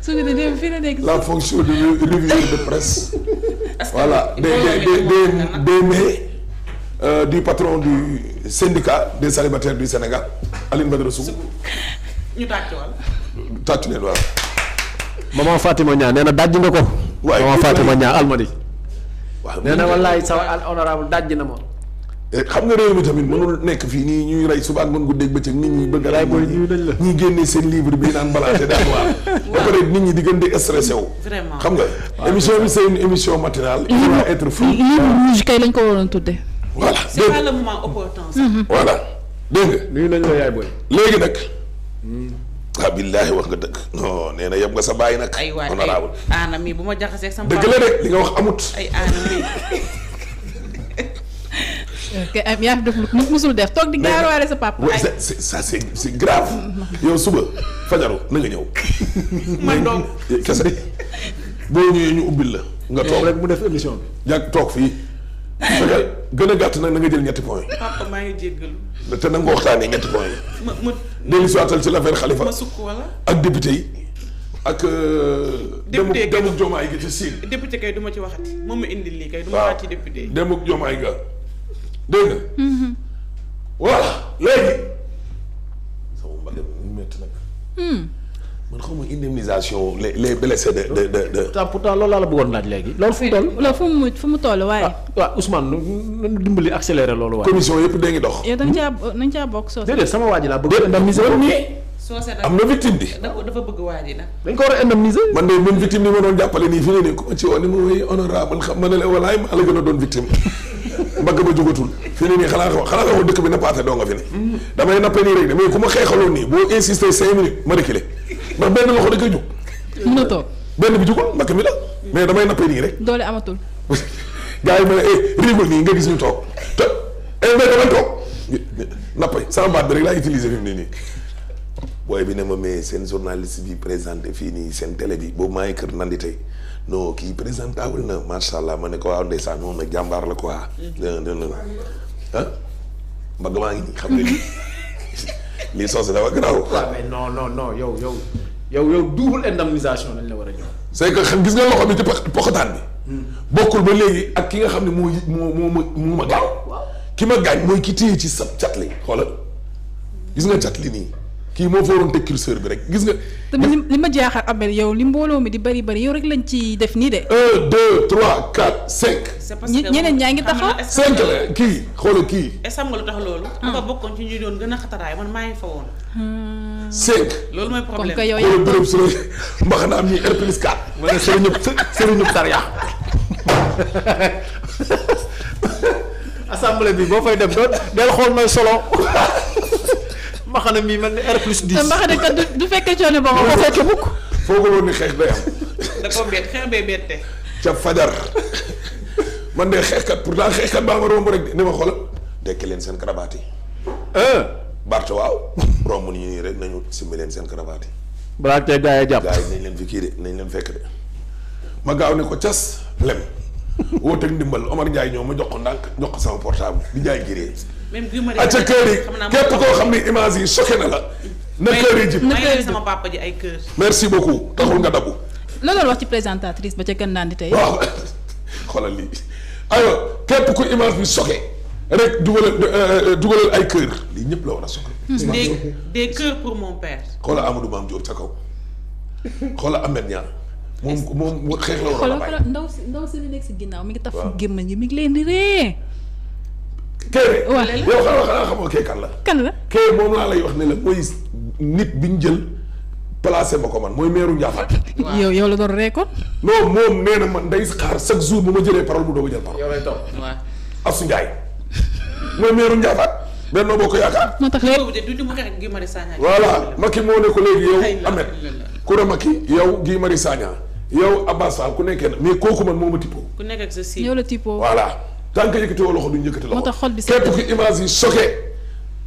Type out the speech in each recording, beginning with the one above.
su ko la nekk. la fonction de revue de presse. voilà des des de des Euh, du patron du syndicat des célibataires du Sénégal Aline Badara Sougou. ñu tàcc wala. tàcc leen waaw. maman Fatima Niang nee na dajji nga ko. waaye maman Fatima Niang almadi. waaw nee na wallaay sa honorable dajji na ma. Eh, xam nga réew mi tamit mënul nekk fii nii ñuy rey suba ak mën guddeeg bëccëg nit ñi bëgg a ñuy génnee seen livre bi naan balancé daan waar ba pare nit ñi di gën di wu vraiment xam nga émission bi c'est une émission matinale il va être fou livre kay lañ ko waroon a voilà waa pas le moment opportun mhm. voilà dégg nga nuyu nañ la yaay booy léegi nag hmm. ah billaahi wax nga dëkk non nee na yem nga sa bàyyi nag honorable anam yi bu ma jaxasee sama dëgg la rek li nga wax amut ay Eh, yaa ngi def lu musul def toog di gaaruwaale sa papa. waaye ça c' est c' est grave. yow suba fajaru na ñëw. man donc eh, boo ñëwee ñu ubbil la. nga toog rek mu def émission bi. yaa toog fii. gën a gàtt nag na nga jël ñetti points yi. papa maa ngi jéggalu. te na nga ko ñetti points yi. ma ma dellu si waatal ci l'affaire Khalifa. ma sukk wala ak député yi. ak. Euh, député demuk demuk Diomaye gi ci Sine. député kay du ma ci waxati moom ma indi lii kay. du ma waxati député. demuk Diomaye ga dégg nga. Mm-hmm. voilà léegi. sama mbagg mu métti nag. Mm. man xaw ma indemnisation les les blessés de de de de. pourtant pourtant loolu laa la bëggoon laaj léegi. loolu fu mu toll loolu fu mu fu mu ah, nu dimbali accéléré loolu waaye. commission yëpp dee dox. yow da nga caa da nga caa bokk sama waa ji laa bëgg indemniser am na victime bi dafa bëgg waa ji nag. dañ ko war a indemniser. man de man victime bi ma doon jàppale nii fi ne nii ku ma ci woon ni ma woy honorable xam ma ne maa a doon victime. mbagg ba jugatul fi nii xanaa xanaa xaw dëkk bi nappaate doo nga fi ne damay nappe nii rek de mais ku ma xeexaloon nii boo insister cinq minutes ma reculer ndax benn loxo da koy jug mënoo toog benn bi jugul mbagg mi la mais damay nappe nii rek doole amatul gars yi ma ne eh riigul nii nga gis ñu toog te eh mais damay toog nappe sama bi rek laa utiliser fi mu ne nii booy bi ne ma mais seen journaliste bi présenté fii nii seen télé bi boobu maa ngi kër nandi tey non kii présentable na macha allah ma ne ko waaw ah, ndeysaan moom nag jàmbaar la quoi. dina dina ngi xam ne lii lii soose dafa garaaw. waaw mais non non non yow yow yow yow double indemnisation lañ la war a jox. c'est que gis nga loxo bi ci poxotaan bi. Hmm. bokkul ba léegi ak ki nga xam ne moo moo moo ma moo ma gaaw. ki ma gaañ mooy ki téye ci sa cat li xoolal gis nga cat nii. kii moo fa waroon teg bi rek gis nga. li ma jaaxal Abel yow li mbooloo mi di bari bari yow rek lañ ci def nii de. un deux trois quatre cinq. c'est parce que ñeneen ñaa ngi taxaw. cinq la kii xoolal kii. est-ce que xam nga lu tax loolu. Ah. dafa bokkoon ci ñi doon gën a xataraay man maa ngi fa woon. Hmm. cinq. loolu mooy bi boo fay dem doon del xool mooy solo. mbaxana mii man ni R plus 10. mbaxana kat du fekkee coono boobu nga fekkee mukk. foo ko woon ni xeex day am. da koo ca fajar man de xeexkat pourtant xeexkat baa ma romb rek de ni ma xoolal dekk leen seen cravate yi. waaw romb nañu nii rek nañu simbi leen seen cravate yi. balaa tey gars jàpp gars yi nañ leen fi kii de nañ leen fekk de. ma gaaw ne ko cas lem woo teg ndimbal Omar Ndiaye ñëw ma jox ko ndànk jox ko sama portable di jaay giree. même Guy Marius ah, Sagna kër yi képp koo xam ni image yi choqué na la. Mm. na kër yi jib ay kër. merci beaucoup taxul nga dabu. loolu wax ci présentatrice ba ca gën naan di tey. waaw xoolal lii aywa képp ku image bi choqué rek dugalal euh, euh, dugalal ay kër lii ñëpp la war a choqué. Hmm. des des cœurs pour mon père. xoolal Amadou Mame Diop ca kaw xoolal Ahmed Niang. moom moom xeex la war a bàyyi. xoolal ndaw si ndaw si nekk si ginnaaw mi ngi taf gémmañ yi mi ngi leen di Kéré yow xanaa xanaa xamoo kee kan la. kan la kee moom laa lay wax ne la mooy nit bi ñu jël placé ma ko man mooy meeru Ndiaffate. yow yow la doon récolte. moom na man day xaar chaque jour bu ma jëlee parole bu doog a jël parole. yow lay toog waaw. Assou Ndiaye mooy tax léegi boobu de du mu xeex Guy Marius Sagna. yow. Ahmed Koura ku nekkee na mais kooku man moo ma tippoo. ku nekk sa si. yow la tippoo voilà. tant que yëkkatiwoo loxo duñ yëkkati loxo. moo tax xol bi képp ki image yi choqué.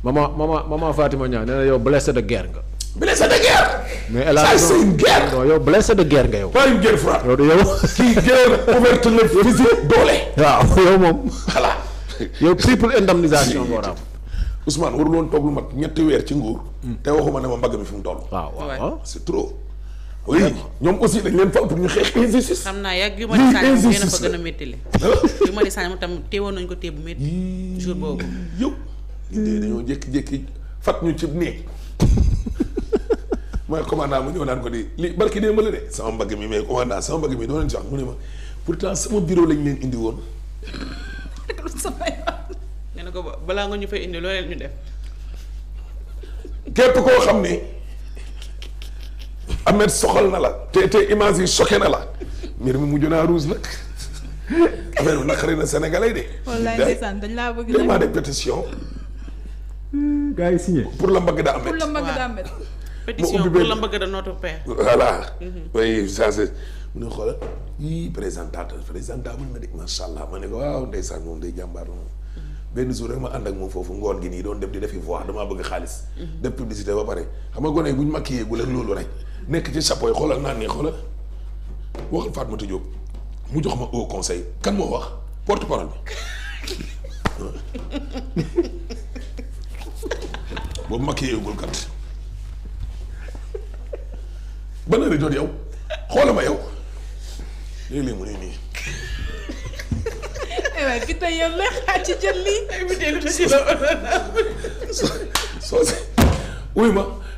maman maman maman Fatima Niang nee na yow blessé de guerre nga. blessé de guerre. mais El Hadj c'est yow blessé de guerre nga yow. pas une guerre moom. voilà yow triple indemnisation boo raam. Ousmane warul lu mat ñetti weer ci nguur. Mm. te waxuma ne ma mbagg mi fi mu toll. waaw waaw oui ñoom aussi dañ leen fal pour ñu xeex injustice. xam naa yàgg yu ma di sànni mu gën a tam teewoon nañu ko téye bu métti. jour boobu yow. ñu dañoo jékki-jékki fat ñu ci néeg mooy commandant mu ñëw naan ko di li barki dee ma la de sama mbagg mi mais commandant sama mbagg mi doo leen ci wax mu ne ma pourtant sama bureau lañ leen indi woon. nga ne ko balaa nga ñu fa indi loo leen ñu def. képp koo xam ne. Ahmed soxal na la te te image yi choqué na la mbir mu mujj naa rouge nag affaire na naqari na sénégalais de. wallaay ndeysaan dañ laa bëgg a. de pétition. Hmm, gars yi pour la mbagg da Ahmed pour la mbagg da Ahmed. pétition pour la mbagg da notre père. voilà. Mhm. na ma ne ko waaw ndeysaan moom day jàmbaar moom. Mhm. benn jour rek ma ànd ak moom foofu ngoon gi nii doon def di defi voix damaa bëgg xaalis. Mhm. def publicité ba pare xam nga gone bu ñu maquillé gu leen loolu rek. nekk ci chapeau yi xoolal naan nii xoolal waxal Fatmata Diop mu jox ma au conseil kan moo wax porte parole bi boobu ma kii yeegul kat ban heure jot yow xoolal ma yow léeg-léeg mu ne nii. waaye bi tey yow lay ci jël lii. soo soo si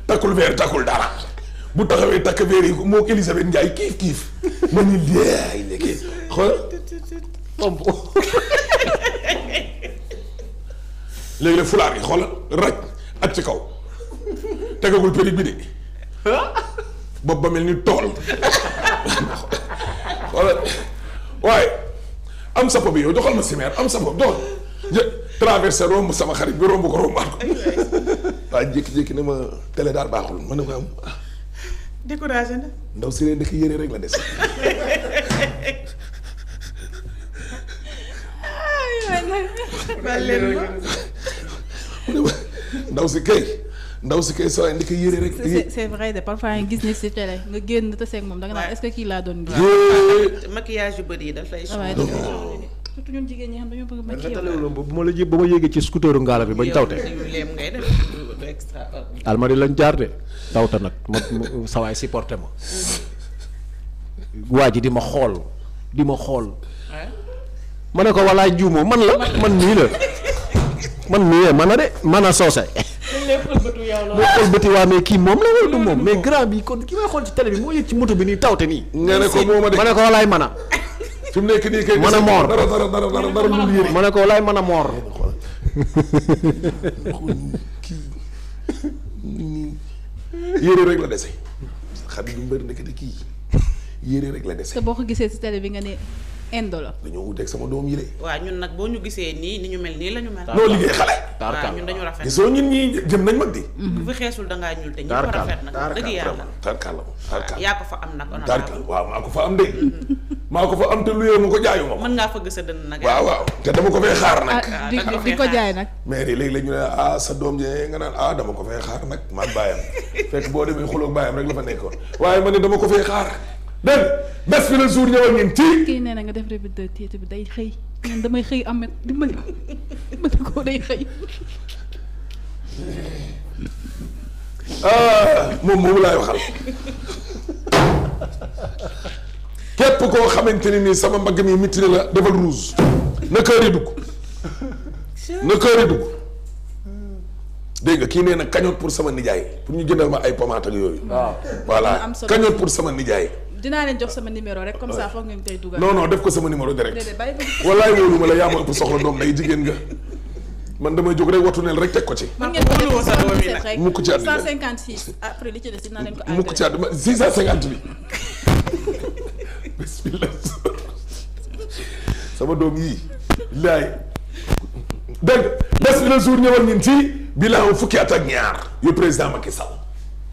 takkul weer takkul dara. bu taxawee takk veer yi moo Elisabeth Ndiaye kiif kiif ma ni leey léegi xool tomb léegi nag fulaar yi xoolal raj ak ci kaw tegagul périg bi de bopp ba mel ni tool xoolal waaye am sapo bi yow joxal ma simeer am sapo bi joxal jë traversé romb sama xarit bi romb ko rombaat ko waaye jékki-jékki ne ma télé daal baaxul ma ne ko am découragé na. ndaw si dëkk yére rek la des. ndaw si kay ndaw si kay soo ay ko yére rek. c'est vrai de parfois nga gis ni si télé nga génn te seeg moom danga naan est-ce que kii laa doon gis. maquillage yu bëri dafay. Ah surtout ñun jigéen ñi xam dañoo bëgg maquillage. bu ma la jé ba ma yéegee ci scooteru ngaala bi bañ tawte. almadi lañ jaar de. tawta nag ma sawaay supporté ma waa ji di ma xool di ma xool ma ne ko walaay juumoo man la man nii la man nii la man a de man a soose waa mais kii moom la wala mais grand bi kon xool ci télé bi moo moto bi nii tawte nii nga ne ko mooma man a fi mu nekk moor ma ne ko walaay man a moor yére rek la dese xam yu mbër ndekete kii yére rek la dese. te boo ko gisee si télé bi nga ne indo la. dañoo wuteeg sama doom yi de. waaw ñun nag boo ñu gisee nii ni ñu mel nii la ñu mel. noo liggéey xale. waaw ñun dañu rafet. soo ñun ñii jëm nañ mag di. Mm-hmm. bu fi xeesul da ngaa ñuul te ñëpp a rafet nag. dëgg yàlla tarkal tarkal yaa ko fa am nag. tarkal waaw maa ko fa am de. Mm-hmm. maa ko fa am te luyee ma ko jaayu ma. mën ngaa fëgg sa nag. waaw waaw te dama ko fay xaar nag. Ah, di ko ko jaay nag. mais léegi la ñu ne ah sa doom jee nga naan ah dama ko fay xaar nag maa bàyyam fekk boo demee xulóog bàyyam rek la fa nekkoon waaye ma ne dama ko fay xaar dégg bés fi la jour ñëwal ñun ci. kii nee na nga def revue de titre bi day xëy man damay xëy amet dimbali dimbali ko day xëy. ah moom moomu laay waxal. képp koo xamante ne nii sama mbagg mi mitti na la defal rouge na kër yi dugg na kër yi dugg dégg nga kii nee na pour sama nijaay pour ñu jëndal ma ay pommade yooyu. waaw voilà cagnotte pour sama nijaay. dinaa leen jox sama numéro rek comme ça foog ngeen koy dugal. non def ko sama numéro direct. déedéet bàyyi ko walaay ma la yaa ma ëpp soxla doom day jigéen nga. man damay jóg rek wattu neel rek teg ko ci. man ngeen ko déglu sa mukk ci àddina 156 li ci des dinaa leen ko. mukk ci àddina 650 sama doom yii laay dégg nga les le jour ñëwal ñun ci bilan fukki at ak ñaar yu président Macky Sall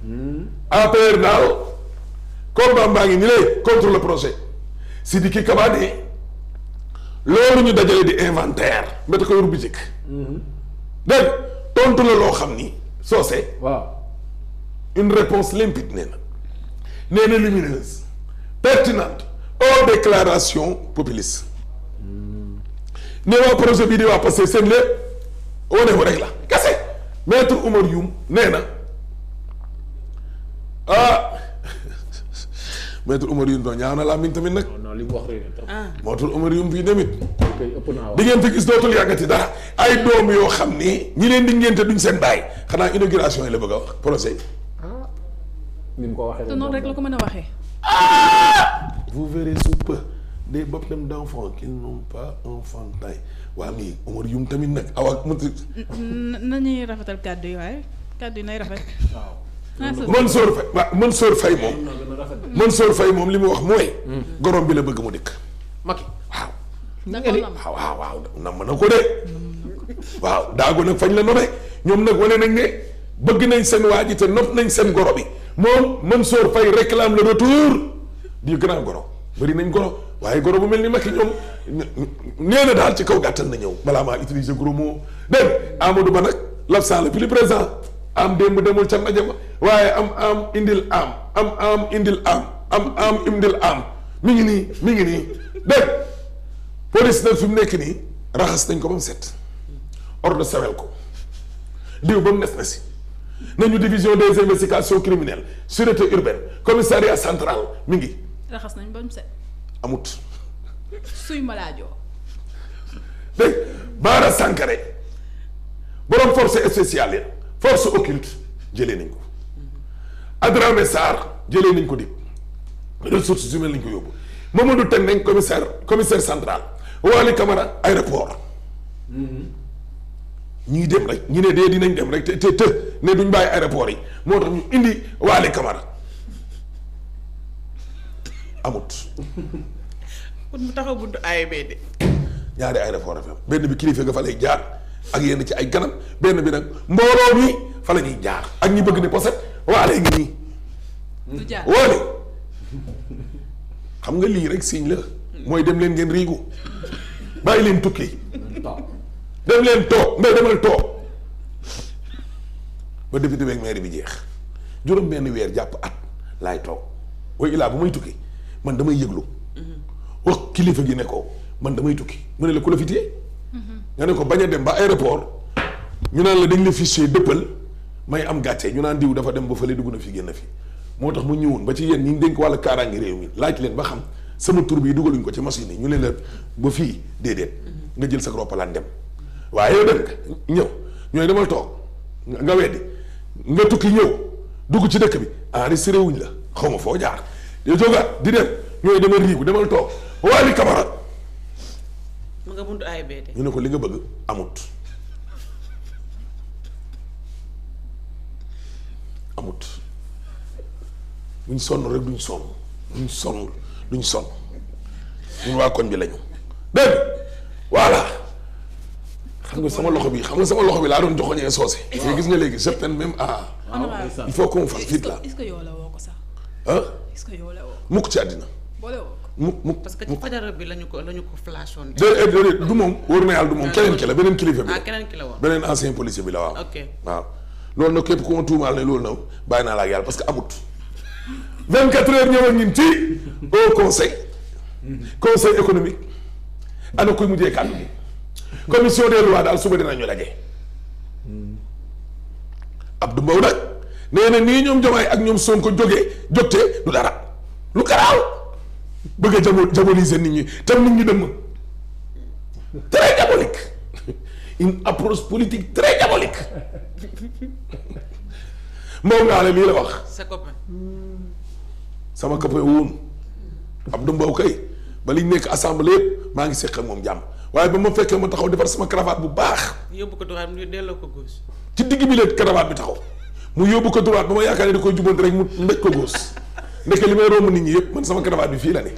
hmm. APR daal combat mbaa ngi ni lay contre le projet Sidiki Kaba ne loolu ñu dajale di inventaire mbéta ko yor bu jëkk hmm. dégg tontu la loo xam ni soose waaw une réponse limpide nee na nee na aux déclarations populistes ne waa projet bii di waa Pastef seen lépp wane rek la kese maître Oumar Youm nee na ah maître Oumar Youm doon ñaaw na laa miin tamit nag. non li mu wax rek ah. maître Oumar Youm fii tamit. di ngeen fi gis dootul yàggati dara ay doom yoo xam ni ñi leen di ngénte duñ seen bàyyi xanaa inauguration yi la bëgg a wax projet yi. ah ni mu ko waxee. te noonu rek la ko mën a waxee. ah vous verrez sous peu des baptêmes d'enfants qui n'ont pas enfanté waa mii Omar Youm tamit nag awa mu. nañuy rafetal kàddu yi waaye kàddu yi nay rafet. waaw. Ah, Mansour Faye waaw Mansour Faye moom. Mansour li mu wax mooy. gorom bi la bëgg mu dikk. Macky waaw. waaw waaw waaw ko de. waaw daago nag fañ la nommé ñoom nag wane nañ ne. bëgg nañ seen waa ji te nopp nañ seen goro bi moom Mansour Faye réclame la retour du grand goro bëri nañ goro waaye goro bu mel ni Macky ñoom nee daal ci kaw gàttan na ñëw balaa maa utiliser gros mot dégg Amadou Ba nag l'absent le plus présent am démb demul ca ndaje ma waaye am am indil am am am indil am am am indil am mu ngi nii mi ngi nii dégg police nag fi mu nekk nii raxas nañ ko ba mu set ordre sawel ko diw ba mu def na si nañu division des investigations criminelles sûreté urbaine commissariat central mi ngi. raxas nañ ba mu set. amut. suy ma laajoo. dégg Baara Sankare borom force spéciale ya force occulte jëlee nañ ko Adramé Sarr jëlee nañ ko di ressources humaines nañ ko yóbbu Mamadou Tendeng commissaire commissaire central Wali Camara aéroport mm-hmm. ñuy dem rek ñu ne dee dinañ dem rek te te. ne duñ bàyyi aéroport yi moo tax ñu indi waale Camara amut. kon mu taxaw buntu AIBD. E benn bi kilifa nga fa lay jaar ak yenn ci ay kanam benn bi nag mbooloo mi fa la ñuy jaar ak ñi bëgg ne poset waale ngi nii. du jaar xam nga lii rek signe la. mooy dem leen ngeen riigu bàyyi leen tukki. dem leen toog mais demal toog. ba député beeg maire bi jeex juróom benn weer jàpp at laay toog way ilaa bu may tukki man damay yëglu mhm. wax kilifa gi ne ko man damay tukki mu ne la ku la fi mhm. nga ne ko bañ a dem ba aéroport ñu naan la dañ la fichier dëppal am gàcce ñu naan diw dafa dem ba fële dugg na fi génn fi moo tax mu ñëwoon ba ci yéen ñi ngi dénk wàllu kaaraange réew mi laaj leen ba xam sama tur bii dugaluñ ko ci machine yi ñu leen la ba fii déedéet mhm. nga jël sa roppalaan dem waaye yow dem ñëw ñooy demal toog nga weddi nga tukki ñëw dugg ci dëkk bi a ah wuñ la xaw ma foo jaar yow jógaat di dem ñooy demal riigu demal toog Wally Camara. mu nga buntu AIBD. ñu ne ko li nga bëgg amut amut duñ sonn rek duñ sonn duñ sonn duñ sonn waa koñ bi lañu dégg voilà. xam nga sama loxo bi xam nga sama loxo bi laa doon joxoñee soose. mais gis nga léegi certaine même ah. il faut qu'on fasse vite là. la woo ko que yow mukk ci àddina. bi lañu ko eh, du moom wóor na yàlla du moom ah, keneen ki la beneen kilifa bi ah, la. ki la woon beneen ancien policier bi la waaw. ok waaw loolu nag képp ku ma tuumaal ne loolu nag bàyyi naa la ak yàlla parce que amut. 24 heures ñëw ak ñun ci au conseil. Mm-hmm. conseil économique ana kuy mujjee kàddu gi commission des lois daal suba dinañu daje. Abdou Mbow nag nee na nii ñoom Diomaye ak ñoom Sonko jógee jotee du dara lu garaaw bëgg a jabo jaboliser nit ñi tam nit ñi dëmm très diabolique une approche politique très diabolique Mbow la lii la wax. sa copain. sama copain woon Abdou Mbow kay ba liñ nekk assemblée yëpp maa ngi seq moom jàmm. waaye ba ma fekkee ma taxaw defar sama cravate bu baax. yóbbu ko ko gauche. ci digg bi leen cravate bi taxaw mu yóbbu ko droite ba ma yaakaar ne da koy jubbanti rek mu ndëj ko gauche ndeke li may romb nit ñi yëpp man sama cravate bi fii la ne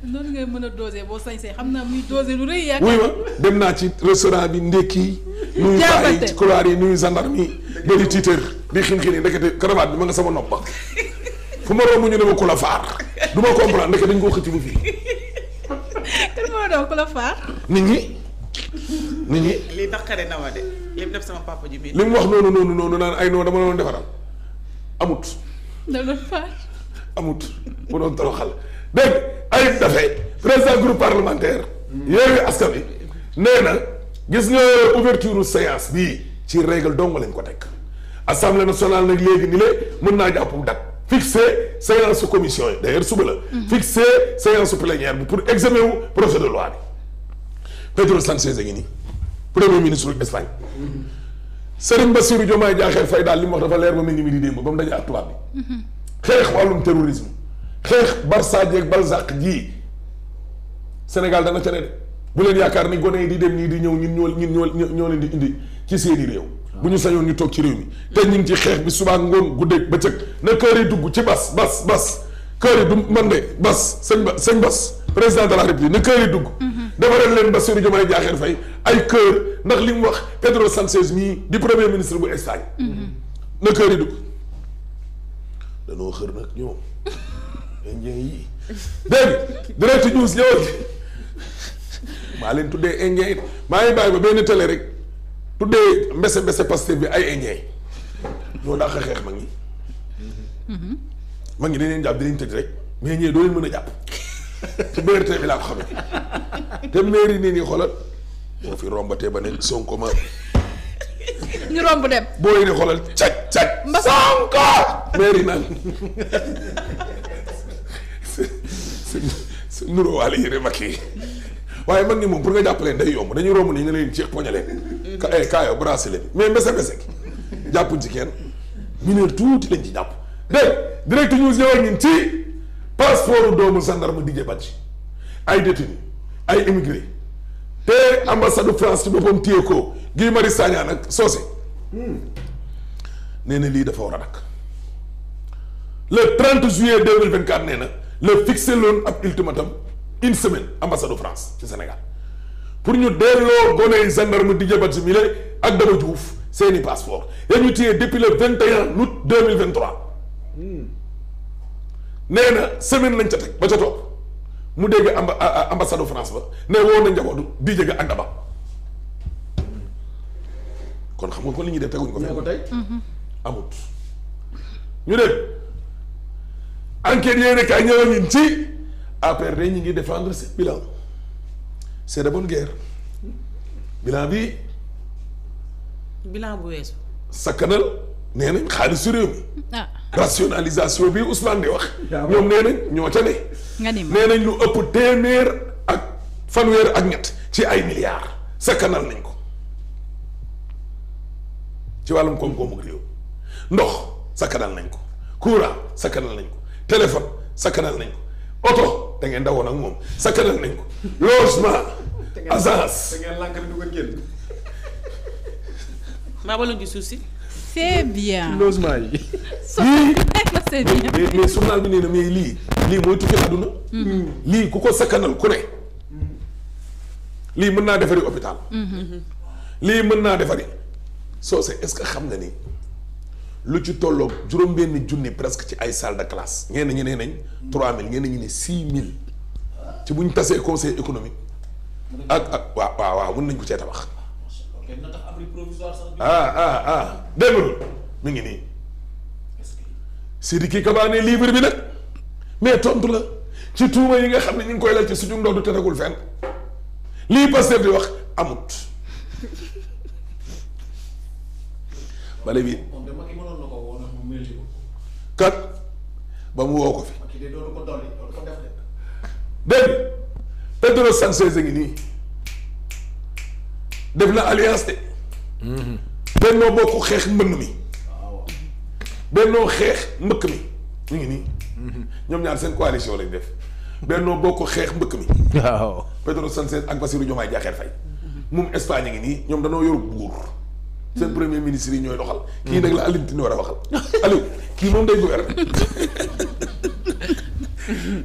mën a doser boo sañsee xam naa muy doser lu rëy yaakaar. wuy ma dem naa ci restaurant bi ndekki. nuyu paa yi ci couloir yi nuyu gendarme yi. bëri di xin-xin yi ndekete cravate bi ma nga sama nopp fu ma romb ñu ne ma ku la faar du ma koo xëcc bu fii kan moo daw ku la faar. nit ñi nit ñi. lii na ma de li mu bi. li mu wax noonu noonu noonu naan ay noonu dama la doon defaral amut. da doon faar. amut mu doon toroxal dégg ay dafay président groupe parlementaire. yooyu askan wi nee na gis nga ouverture séance bii ci règle dong lañ ko teg assemblée nationale nag léegi ni le mën naa jàpp date. fixer séance su commission yi d'ailleurs suba la. Mhm. fixer séance su plénière bi pour examiner wu projet de loi bi. Pedro Sanchez a ngi ni premier ministre bu Espagne. Mhm. Serigne Bassirou Diomaye Diakhar Faye daal li wax dafa leer ba mel ni mi di démb ba mu daje ak tubaab mhm. xeex wàllum terrorisme. Balzac ji Sénégal dana ca ne de bu leen yaakaar ni gone yi di dem nii di ñëw ñun ñoo ñun ñoo ñoo leen di indi ci seeni réew. bu ñu sañoon ñu toog ci réew mi te ñu ngi ci xeex bi subaa ngoon guddeeg bëccëg na kër dugg ci bas bas bas kër du man de bas sëñ ba sëñ bas président de la république na kër dugg dugg. defaral leen Bassirou Diomaye Diakhar Faye ay kër ndax li mu wax Pedro Sanchez mii di premier ministre bu Espagne. Mm-hmm. na kër yi dugg danoo xër nag ñoom indien yi dégg direct news ñëwal maa leen tuddee indien it maa ngi bàyyi ba benn télé rek. tuddee mbese mbese Pastef bi ay ñee ñoo dàq xeex mag ñi mag ñi dañ leen jàpp dinañ tëdd rek mais ñee doo leen mën a jàpp ci BRT bi laa ko xamee te mairie nii nii xoolal boo fi rombatee ba ne Sonko ma ñu romb dem boo yi ne xoolal mag yi waaye mag ñi moom pour nga jàppaleen day yomb dañuy romb nii nga leen jeex poñe leen ka ay eh, kaayoo brasé leen mais mbese mbese gi jàppuñ ci kenn mineur tuuti lañ ci jàpp dégg direct news ñëwal ñun ci passeport doomu gendarme Didier Badji ay détenu ay immigré te ambassade France ci boppam téye ko Guy Marius Sagna nag soose nee na lii dafa war a dakk le 30 juillet 2024 nee na la fixé loon ak ultimatum une semaine ambassade de France ci Sénégal pour ñu delloo gone yi gendarme Didier Badji Mile ak Daba Diouf seen i passeport ya ñu téye depuis le 21 août 2023 nee na semaine lañ ca teg ba ca mu dégg amba ambassade de France ba ne woo na njabootu Didier ga ak Daba kon xam nga ko li ñuy def teguñ ko. ko tey mm-hmm. amut. ne enquête yéen ci. APR day ñu ngi défendre seen bilan c'est de guerre bilan bi. bilan bu weesu. sakkanal nee nañ xaalisu réew mi. Ah. rationalisation bi Ousmane di wax. ñoom nee nañ ñoo ca ne. nee nañ lu ëpp téeméer ak fanweer ak ñett ci ay milliards sakkanal nañ ko ci wàllum koom-koomu réew ndox sakkanal nañ ko courant sakkanal nañ ko téléphone sakkanal nañ ko. oto da ngeen dawoon ak moom sakkanal nañ ko logement agence. da ngeen lànk du ko génn. maa ngi suuf si. c'est bien logement yi. mais mais journal bi nee na mais lii lii mooy tukki àdduna. Mm-hmm. lii ku ko sakkanal ku ne. lii mën naa defari hôpital. Mm-hmm. lii mën naa defari. soo se est-ce que xam nga ni. lu ci tolloog juróom-benn junni presque ci ay salle de classe. ñenn ñi ne nañ. 3000 ñenn ñi ne 6000. ci buñ ñu tasee conseil économique. ak ak waaw waaw waaw mën nañ ko cee tabax. kenn mu tax abri provisoire sax. ah ah ah dégg ngi nii. Sidiki Kaba ne livre bi nag mais tontu la ci tuuma yi nga xam ne ñu ngi koy laaj ci suñu ndodd te tegul fenn lii Pastef di wax amut bi. kat ba mu woo ko fi. dégg nga Pedro Sanchez a ngi nii def na alliance de. Mhm. bennoo bokk xeex mbënn mi. bennoo xeex mbëkk mi ñu ngi nii. Mhm. ñoom ñaar seen coalition lañ def. bennoo bokk xeex mbëkk mi. waaw Pedro Sanchez ak Bassirou Diomaye Diakhar Faye. moom Espagne ngi nii ñoom danoo yor buur seen premier ministre yi ñooy doxal. kii nag la Alioune Tine war a waxal Aliou kii moom day gouverner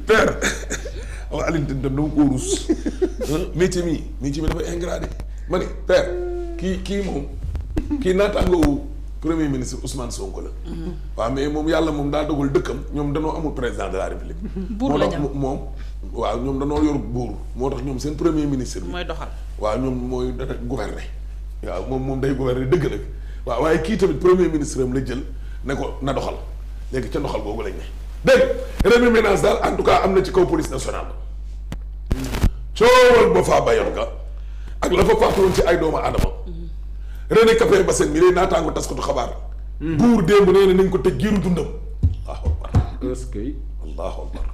père waaw Alioune Tine tam dama ko ruus métier mi métier mi dafay ingradé ma ne kii kii moom kii naataangoo premier ministre Ousmane Sonko la. waaw mais moom yàlla moom daa dogal dëkkam ñoom danoo amul président de la république. buur la moom. waaw ñoom danoo yor buur moo tax ñoom seen premier ministre bi. mooy doxal waaw ñoom mooy gouverner. waaw moom moom day gouverner dëgg nag waaw waaye kii tamit premier ministre am la jël ne ko na doxal léegi ca doxal boobu lañ ne dégg Rewmi Ménage daal en tout cas am na ci kaw police nationale coowal ba faa bayoon nga ak la fa faatuwoon ci ay doomu aadama René Capain Bassène mi lay naataango taskatu xabaar buur démb nee na nañ ko tëj giiru dundam allahu akbar allahu akbar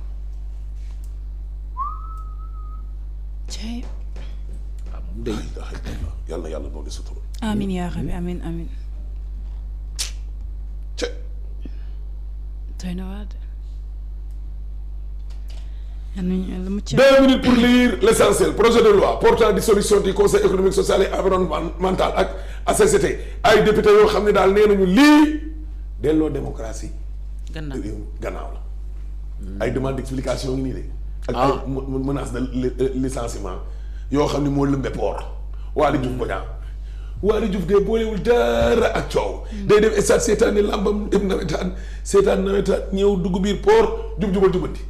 mu dee yàlla na yàlla doole sutura. amiin yaa rabbi hmm? amiin amiin. ca. doy minutes pour lire l' essentiel projet de loi portant solution du conseil économique social et environnemental ak ACCT ay député yoo xam ne daal nee nañu lii delloo démocratie. gannaaw gannaaw la. Hmm. ay demande d' explication de. ak ah. ay menace de euh, yoo xam ni moo lëmbe port Waly Diouf Bodiang Waly Diouf de boolewul dara ak coow day dem stade seetaan ni làmbam dem nawetaan seetaan nawetaan ñëw dugg biir port jub-jubal jubanti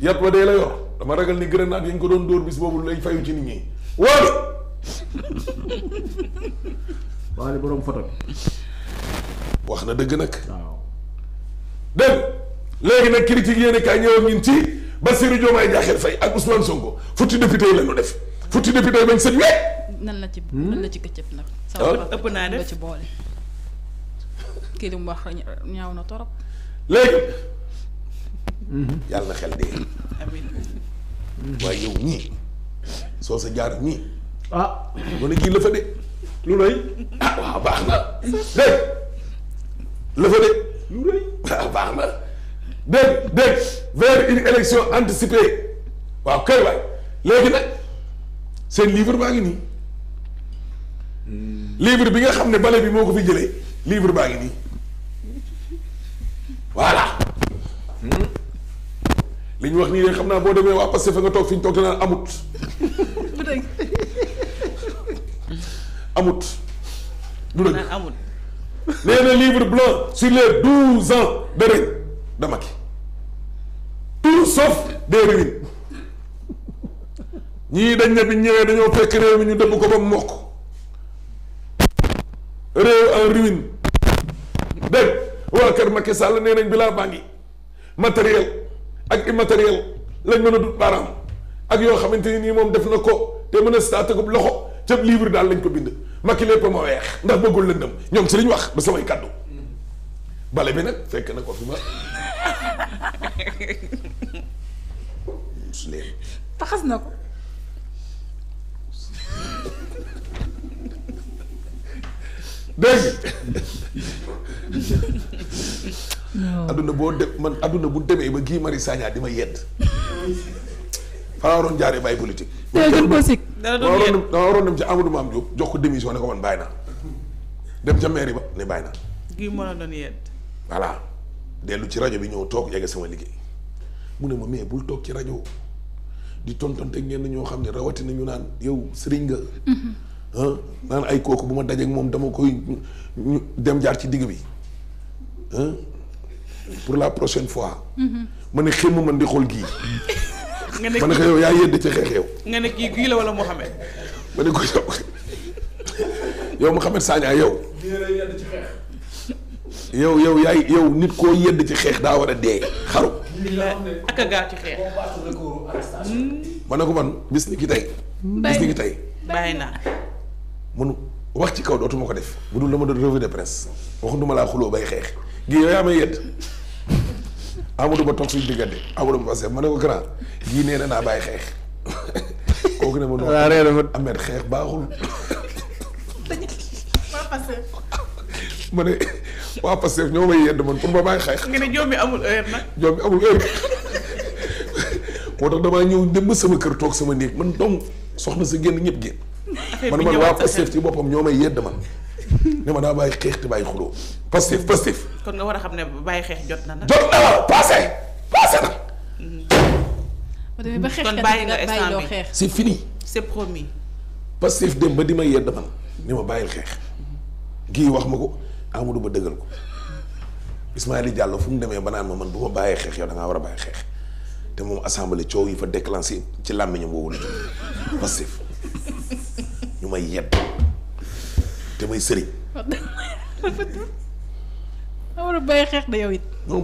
yat ba day la yor dama ragal ni grenade yañ ko doon dóor bis boobu lay fayu ci nit ñi Waly Waly borom photo bi wax na dëgg nag waaw léegi nag critique yéen a kaay ñëw ñin Bassirou Diomaye Diakhar Faye ak Ousmane Sonko futti député yi la ñu def futti député bañ sëñ wee. nan la ci nan la ci këccëf nag. sa ah. ëpp naa def ci boole. kii na torop. Mhm. yàlla xel dee. amiin. waaye yow ñii ah. de. lu rëy. Ah, waaw baax na. dégg lëfa de. lu rëy. waaw baax na. dégg dégg vers une élection anticipée waaw kay la léegi nag seen livre baa ngi nii livre bi nga xam ne bale bi moo ko fi jëlee livre baa ngi nii voilà li ñu wax nii de xam naa boo demee waa Pastef fa nga toog fi ñu toog te naan amut amut du dëgg nee na livre blanc sur les douze ans de règne de Macky tout sauf des ruines ñii dañ ne bi ñëwee dañoo fekk réew mi ñu dëbb ko ba mu mokk réew en ruine dégg waa kër Macky Sall nee nañ bilaa baa ngi matériel ak i immatériel lañ mën a dut baaraam ak yoo xamante ni nii moom def na ko te mën a staatagub loxo cëb livre daal lañ ko bind Macky lépp ma weex ndax bëggul lëndëm ñoom ci liñ wax ba samay kàddu bale bi nag fekk na ko fi ma. su taxas na ko. dégg adduna boo de man adduna bu demee ba Guy Marius Sagna di ma yedd fala waroon jaaree bàyyi politique. dana waroon dem ci Amadou Mame Diop jox ko démission ne ko man bàyyi naa dem ca mairie ba ne bàyyi naa. Guy moo la doon yedd. voilà dellu ci rajo bi ñëw toog yegg sama liggéey mu ne ma mais bul toog ci rajo di tontonte ngeen ñoo xam ne rawatina ñu naan yow sëriñ nga. Mm-hmm. naan ay kooku bu ma dajeeg moom dama koy ñu dem jaar ci digg bi pour la prochaine fois. Mm-hmm. ma ne xëy ma man di xool gii. nga ne ma ne ko yow yaa ne kii kii la wala Mouhamed. ma ne ko yow yow yow yaay yow nit koo yedd ci xeex daa war a dee xaru. ak a gaaw ci xeex. ma ne ko man bis ni ki tey. bis ni ki tey. bàyyi naa. mun wax ci kaw dootuma ko def bu dul dama doon revue de presse waxutuma laa xuloo bay xeex gi yow yaa yedd Amadou Ba toog suñu diggante Amadou Ba passé ma ne ko ma. waaw réer ma amet xeex baaxul. ma ne. waa Pastef ñoo may yedd man pour ma bàyyi xeex. nga ne joomi amul heure nag. joomi amul heure moo tax damaa ñëw dem sama kër toog sama néeg man donc soxna sa génn ñëpp génn. man man waa Pastef ñoo may yedd man. ne ma daa bàyyi xeex te bàyyi xuloo Pastef Pastef. kon war a xam ne bàyyi xeex jot na na waaw passé passé na. Mm-hmm. ba nga xeex c'est fini. c'est promis. Pastef dem ba di ma yedd man ne ma bàyyil xeex. gii wax ma ko. Amadou ma dëggal ko Ismaïla Diallo fu mu demee ba naan ma man bu ma bàyyee xeex yow da ngaa war a bàyyi xeex te moom assemblée coow yi fa déclenché ci làmmiñam boobu la jóg Pastef ñu may yedd te may a bàyyi xeex da yow it. non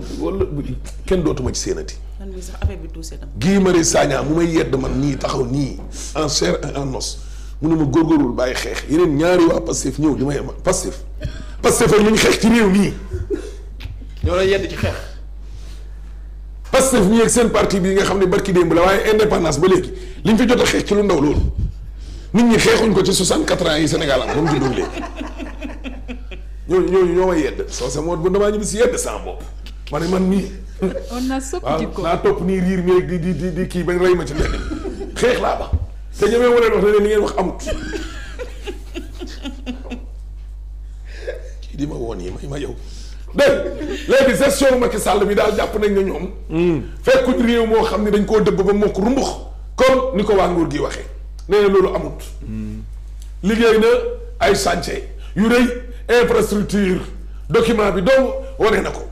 kenn dootuma ci seenati. man mii sax bi tuuse tam. Guy Marius Sagna mu may yedd man nii taxaw nii en chair et en os mu ne ma góorgóorlu bàyyi xeex yeneen ñaari waa Pastef ñëw di may Pastef. Pastef ak li ñu xeex ci réew mii. ñoo lay yedd ci xeex. Pastef ñi ak seen parti bi nga xam ne barki démb la waaye indépendance ba léegi li ñu fi jot a xeex ci lu ndaw loolu nit ñi xeexuñ ko ci 64 ans yi Sénégal am ba mu juddoo léegi ñooñu ñooñu ñoo may yedd soo sa moo bu damaa ñibbi yedd sans bopp ma man nii. on a soppi ko naa topp nii riir mi rek di di di kii bañ rey ma ci lenn xeex laa ba te ñoom ñoo leen ne leen li ngeen wax amut. di ma woon yi may ma yow dégg léegi gestion Macky sàll bi daal jàpp nañ ne ñoom fekkuñ réew moo xam ne dañ koo dëbb ba moo ko rumbux comme ni ko waa nguur gi waxee nee loolu amut liggéey na ay chantier yu rëy infrastructure document bi dong wane na ko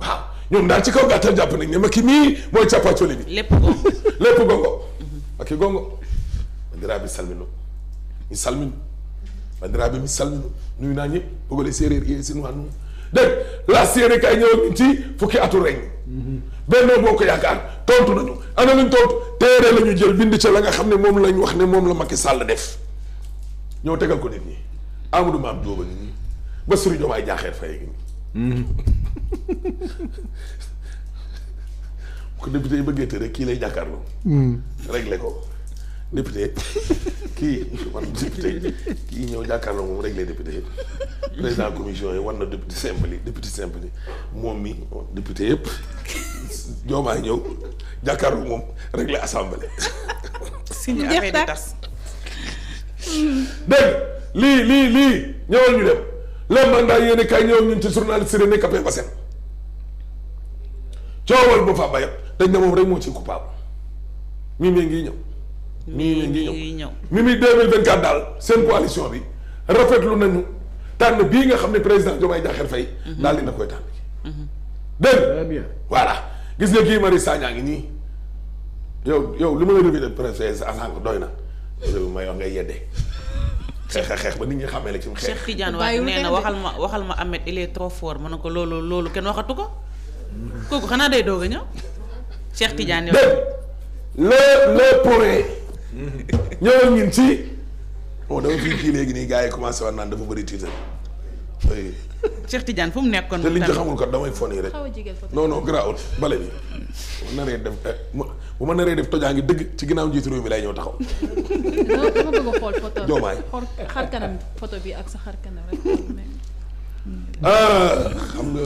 waaw ñoom daal ci kaw gàttal jàpp nañ ne Macky mii mooy càppacoli bi lépp gongo lépp gongo Macky gongo andira bi salmino bandiraɓe mi salmino nuyu naa ñëpp ɓogole séréer i sinuwa num dégg la séeré kay ñëw ci fukki atu reñ benno boo ko yaakaar tontu nañu ana lañ tontu téere la ñu jël bind ca la nga xam ne moom lañ wax ne moom la Macky Sall def ñoo tegal ko nit ñi Amadou Mame Diop a ngi nii Bassirou Diomaye Diakhar Faye a ngi nii bu mm. ko député yi bëggee tere kii lay jàkkaarloo mm. réglé ko député kii wan député kii ñëw jàkkaarloo moom rek les députés président commission yi war na député simple yi député simple yi moom mi député yëpp joomaay ñëw jàkkaarloo moom rek la assemblée. si ñu affaire di tas dégg lii lii lii ñëwal ñu dem le mandat yéen kay ñëwal ñun ci journaliste René Capain Bassène coowal bu fa bayat dañ ne moom rek moo ci coupable mi ngi ñëw. mi mi ñëw mi mi deux mille vingt daal seen coalition bi rafetlu nañu tànn bii nga xam ne président Diomaye Diakhar Faye daal dina koy tànn. dégg voilà gis nga kii Marie Sagna ngi nii yow yow li ma la revue de presse asànq doy na yow ma yow ngay yeddee xeex xeex ba nit ñi xamee la ci xeex. Cheikh waa waaye nee na waxal ma waxal ma Ahmed il est trop ne ko loolu loolu kenn waxatu ko kooku xanaa day doog a ñëw Cheikh Tidiane yow. le le point. ñëwal ngeen ci. bon dama fi kii léegi nii gars yi commencé war naan dafa bëri titre. Cheikh Tidiane fu mu nekkoon. te li ci xamul kat damay fon yi rek. non non garaawul bale bi. bu ma naree def eh, def tojaa ngi dëgg ci ginnaaw njiitu réew mi lay ñëw taxaw. non dama bëgg a xool photo. joomaay xool xar ak sa xar kanam rek. Ah, xam nga.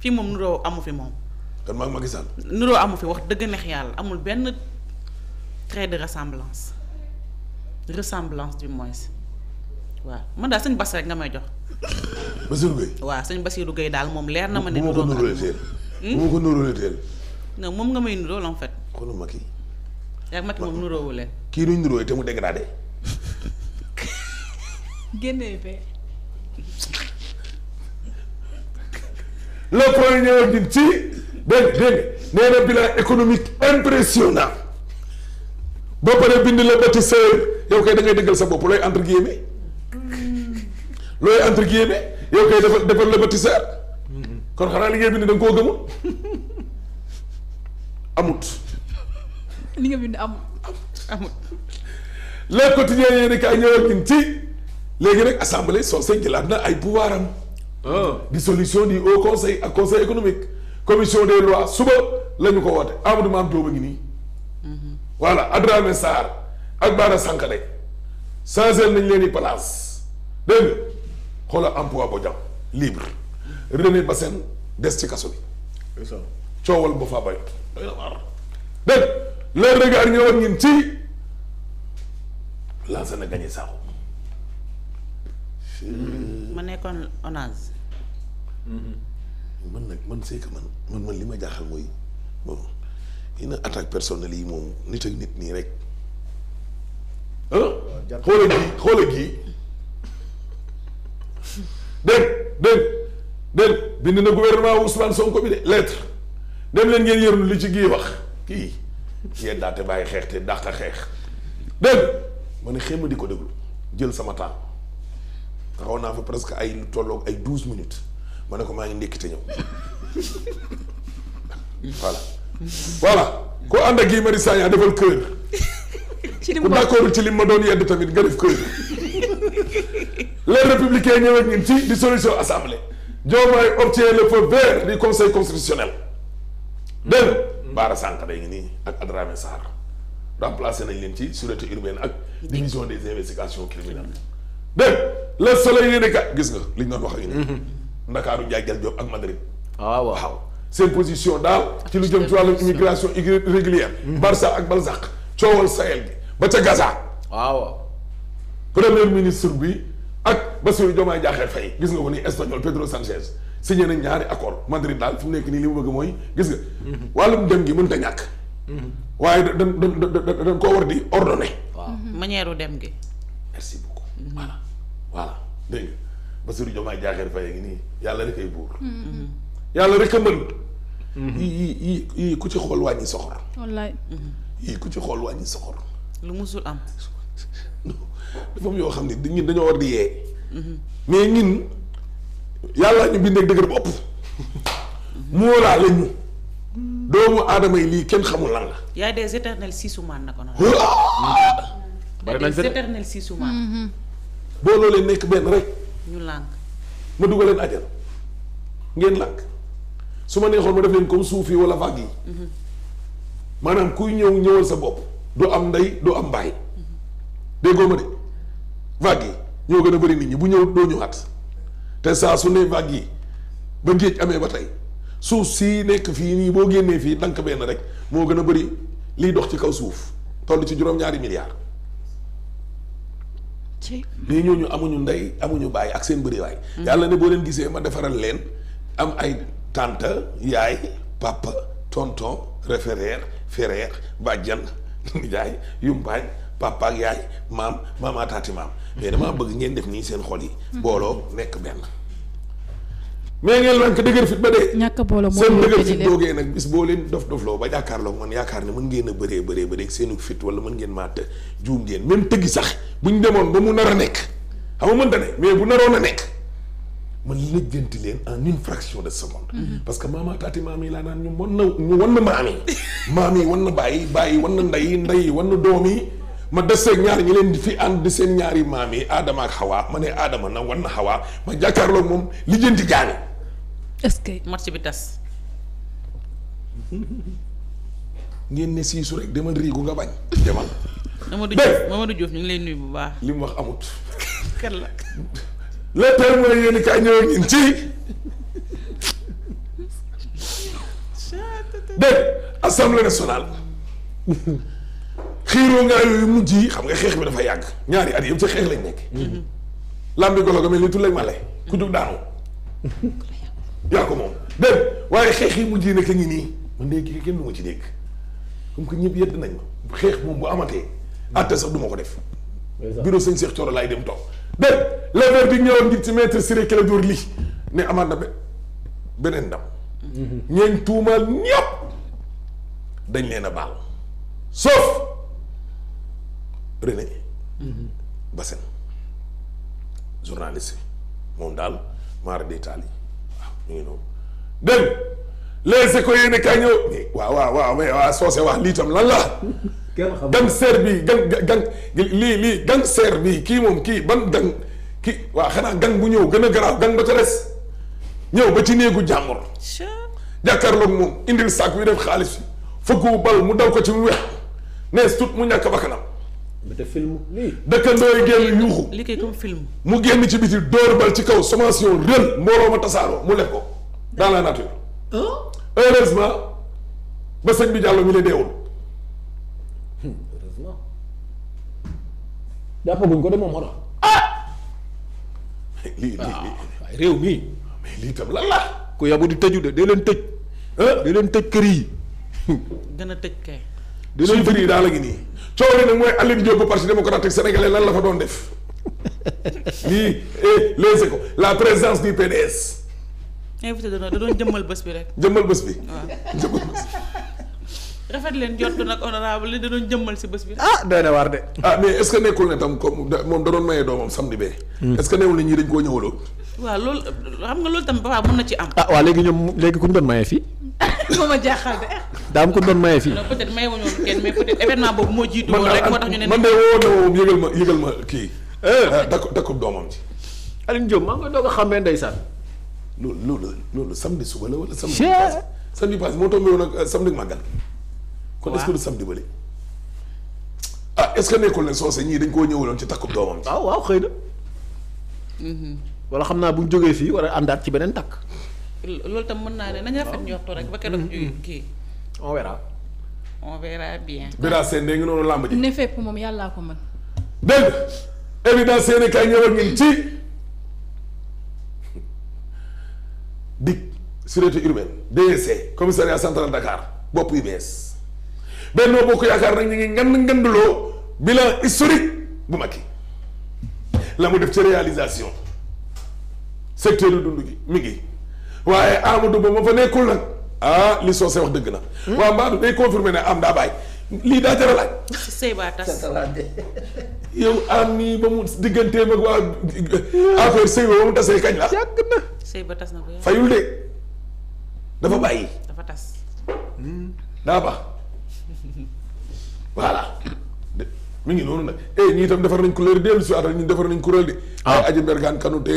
fi moom nuroo amu fi moom. kan maa ngi Macky Sall. nuroo amu wax dëgg neex yàlla amul benn trait de ressemblance ressemblance du moins waaw man daal sañ Bass rek nga may jox. Bassirou Gueye. waaw sëñ Bassirou Gueye daal moom leer na ma ne. bu ma hmm? moom nga may nuróol en fait. xoolal yaa Macky moom nuróowu kii nuñ nuróoy te mu dégradé. génnee fee. le premier ñëw ci. dégg dégg nee na bilan économique impressionnant ba pare bind la bâtisseur yow kay da ngay dëggal sa bopp looy entre guillemets looy entre guillemets yow kay defar defar la bâtisseur kon xanaa li ngay bind da nga koo gëmul amut. li nga bind di amut. les quotidiens a kaay ñëwal ñun ci léegi rek assemblée soo jëlaat na ay pouvoir am. Oh. di solution du au conseil ak conseil économique. commission des lois suba la ko woote Amadou Mame Diop a ngi nii. voilà Adrame Sarr ak Bara Sankaré changer nañ leen di place dégg nga xoolal boo jàpp libre René Bassène des ci kaso bi. coowal ba faa bay doy na waar dégg le regard ñëwoon ngeen ci Lansana Gagné Sakho. ma nekkoon onage. Mm-hmm. man nag man c'est que man man man li ma jaaxal mooy bon yi na attaque personnelle yi moom nit ak nit nii rek ah. xoolal gi xoolal gi dégg dégg bind na gouvernement wu Sonko bi de lettre dem leen ngeen yërlu li ci gii wax kii yéen daate bàyyi xeex te dàq xeex dégg ma ne xéema di ko déglu jël sama temps taxaw naa fa presque ay lu tolloog ay douze minutes. ma ne ko maa ngi ndékkite ñëw voilà voilà ku ànd ak Guy Marius Sagna defal kër ku d'accord ci li ma doon yedd tamit nga def kër les républicains ñëw ak ñun ci dissolution assemblée Diomaye obtient le feu vert du conseil constitutionnel dégg nga Bara Sankaré ngi nii ak Adramé Sarr remplacé nañ leen ci sûreté urbaine ak division des investigations criminelles dégg le soleil yéen gis nga li ñu doon wax ak ndakaaru Ndiaye Dial Diop ak Madrid. Ah, waaw waaw seen position daal. ci lu jëm ci wàllu immigration irrégulière. Mhm. Barça ak Balzac coowal Sahel bi ba ca Gaza. Ah, waaw. premier ministre bi ak ba Bassirou Diomaye Diakhar fay gis nga ko ni espagnol Pedro Sanchez signé nañ ñaari accord Madrid daal fi mu nekk nii li mu bëgg mooy gis nga. Mhm. wàllum dem gi mënta ñàkk. Mhm. waaye da da da da koo war di ordonné. waaw manière dem gi. merci beaucoup. voilà voilà Bassirou Diomaye Diakhar Faye ngi nii yàlla rek ay buur. Mm-hmm. Mm-hmm. yàlla rek a mën. yii yii yii ku ci xool wàññi soxor. wallaay. yii ku ci xool wàññi soxor. Mm-hmm. lu musul am. dafa am yoo xam ne ñun dañoo war di yee. mais ñun yàlla ñu bindee dëgër bopp. moo laa ñu. doomu aadama yi lii kenn xamul lan la. y a des éternels sisouman na ko noonu. bari nañ des éternels sisouman. boo loolee nekk benn rek. ñu lànk ma dugal leen ajal ngeen lànk su ma neexoon ma def leen comme suuf yi wala vague yi mhm. maanaam kuy ñëw ñëwal sa bopp du am ndey du am mbaay mhm. déggoo ma de vague yi ñoo gën a bëri nit ñi bu ñëw doo ñëwaat te saa su ne vague yi ba géej amee ba tey suuf si nekk fii nii boo génnee fii dank benn rek moo gën a bëri liy dox ci kaw suuf toll ci juróom-ñaari milliards mais ñooñu amuñu ndey amuñu bàyyi ak seen bëri waay mm-hmm. yàlla ne boo leen gisee ma defaral leen am ay tante yaay papa tonton référaire fereer bàjjan yaay yumpaañ papa ak yaay maam maamaataati maam mm-hmm. mais damaa bëgg ngeen def nii seen xol yi mm-hmm. booloo nekk benn mais ngeen lank dëgër fit ba dee. ñàkk booloo seen dëgër fit boogee nag bis boo leen dof dofloo ba jàkkaarloog man yaakaar ne mën ngeen a bëree bëree bëree seenu fit wala mën ngeen maa të juum ngeen même tëggi sax buñ demoon ba mu nar a nekk xam nga mënta ne mais bu naroon a nekk man lëjjanti leen en une fraction de seconde. Mhm. parce que maama taati maam yi laa naan ñu wan na ñu wan na maam yi. maam yi wan na bàyyi bàyyi wan na ndey wan na doom yi ma deseeg ñaar ñi leen di fi ànd di seen ñaari maam yi Adama ak ma ne Adama na wan na Hawa ma jàkkaarloog moom lijjanti gaani est-ce que match bi tas. ngeen ne siisu rek demal riigu nga bañ demal. Mamadou Diouf Mamadou Diouf ñu ngi lay nuyu bu baax. li mu wax amut. kan la. le terme mooy yéen kaay ci. dégg assemblée nationale xiiroo ngaa yooyu mujj yi xam nga xeex bi dafa yàgg ñaari at yëpp ci xeex lañ nekk. Mhm. lambi golo ga mel ni tulleeg male ku jug daanu. yaa ko moom dégg waaye xeex yi mujj yi nag ngi nii man léegi kenn du ma ci dégg comme que ñëpp yedd nañ ma xeex moom bu amatee atte sax du ma ko def bureau sëñ Cheikh Thioro laay dem toog dégg le verdict si metre si maître Ciré Clédor Ly ne amaat na beneen ndam ñeen mm-hmm. tuumaal ñëpp dañ leen a baal sauf René mm-hmm. Bassène journaliste bi moom daal maar détail yi ñu ngi noonu dégg les kay ñëw waaw waaw waaw mais soose wax lii tam lan la. kenn xamul bi gang gang lii lii gangster bi kii moom kii ban gang kii waaw xanaa gang bu ñëw gën a garaaw gang ba ca ñëw ba ci néegu jàmbur. jàkkaarloog moom indil saak wi def xaalis fukk bal mu dal ko ci mu weex nees tut mu ñàkk bakkanam te film lii. dëkkandoo yi génn yuuxu. mu génn ci biti dóor bal ci kaw sommation rël mbooloo ma tasaaroo mu lekk ko. dans la nature. Oh. heureusement ba bi jàll mi lay deewul. Hmm, heureusement. jàppaguñ moom war ah! ah. lii lii réew mii. Ah, lii tam lan la. ku yabu di tëju de day leen tëj. ah day leen tëj kër yi. gën a tëj kay. day leen tëj yi daal la ngi nii. coow li nag mooy Aline Diop parti démocratique sénégalais lan la fa doon def lii eh, les échos la présence du PDS. invité da doon jëmmal bés bi rek. jëmmal bés bi waaw jëmmal bés bi. rafet leen jot nag honorable li da doon jëmmal si bés bi. ah doy na waar de. ah mais est que nekkul ne tam comme moom da doon maye doomam samedi bee. Hmm. est-ce que newul ne ñii dañ koo ñëwaloo. waaw loolu xam nga loolu tam papa mën na ci am. ah waaw léegi ñoom léegi ku doon maye fii. moom a jaaxal de. daa am ku doon maye fii. non peut être maye wuñu boobu moo jiitu woon rek moo tax ñu ne. man de woo na moom a xàmmee loolu loolu loolu la wala samedi. passé moo tombé woon ak euh, samedi màggal. kon est ce que du samedi bële. ah est ce que ne soose ñii dañ koo ñëwaloon ci takku doomam. waaw ah, waaw xëy na. Mhm. wala xam naa bu ñu jógee fii war a àndaat ci beneen takk. loolu tam mën naa ne nañu rafet njortu rek ba keroog ñuy mm-hmm. kii. on verra. on verra bien. Bira Sène de nga noonu ne fépp moom yàllaa ko mën. dégg nga évidence yéen kay ñëw ak ngeen ci dig sûreté urbaine DSC e, commissariat central Dakar bopp yu bees Benno Bokk Yaakaar nag ñu ngi ngand ngandloo bilan historique bu Macky la mu def ci réalisation. secteur yu dund gi mi ngi waaye Amadou Ba ma fa nekkul nag ah li soose wax dëgg na. Hmm? waa Mbadou day confirmer ne am daa bàyyi lii daa jar a laaj. sëy baa tas yow am nii ba mu digganteem ak waa hmm. affaire sëy ba mu tasee kañ la. fayul de dafa bàyyi. dafa tas. Hmm. daa baax voilà. mi ngi noonu nag eh ñii itam defar nañ couleur dellu si waat rek defar nañ kuréel de. ah ay aji mbergaan kanute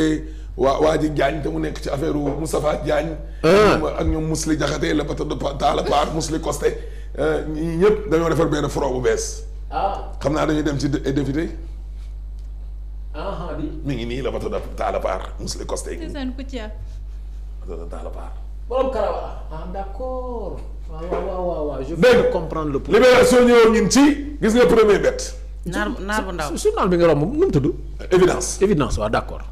waa waa ji jaañ te mu nekk ci affaire Moustapha Diagne. Ah. ak ñoom Mousli Diakhaté la pata de Taala Paar Mousli Costé euh, ñii ñëpp dañoo defar benn front bu bees. Ah. xam naa dañuy dem ci député. Ah, mi ngi nii la pata de Taala Paar Mousli Costé. c'est ça Koutia. pata de Taala Paar. borom Karawala. ah d'accord. waaw waaw waaw waaw je veux comprendre ci gis nga premier bet. naar naar bu ndaw journal bi nga romb nu mu tudd. évidence évidence waaw d'accord.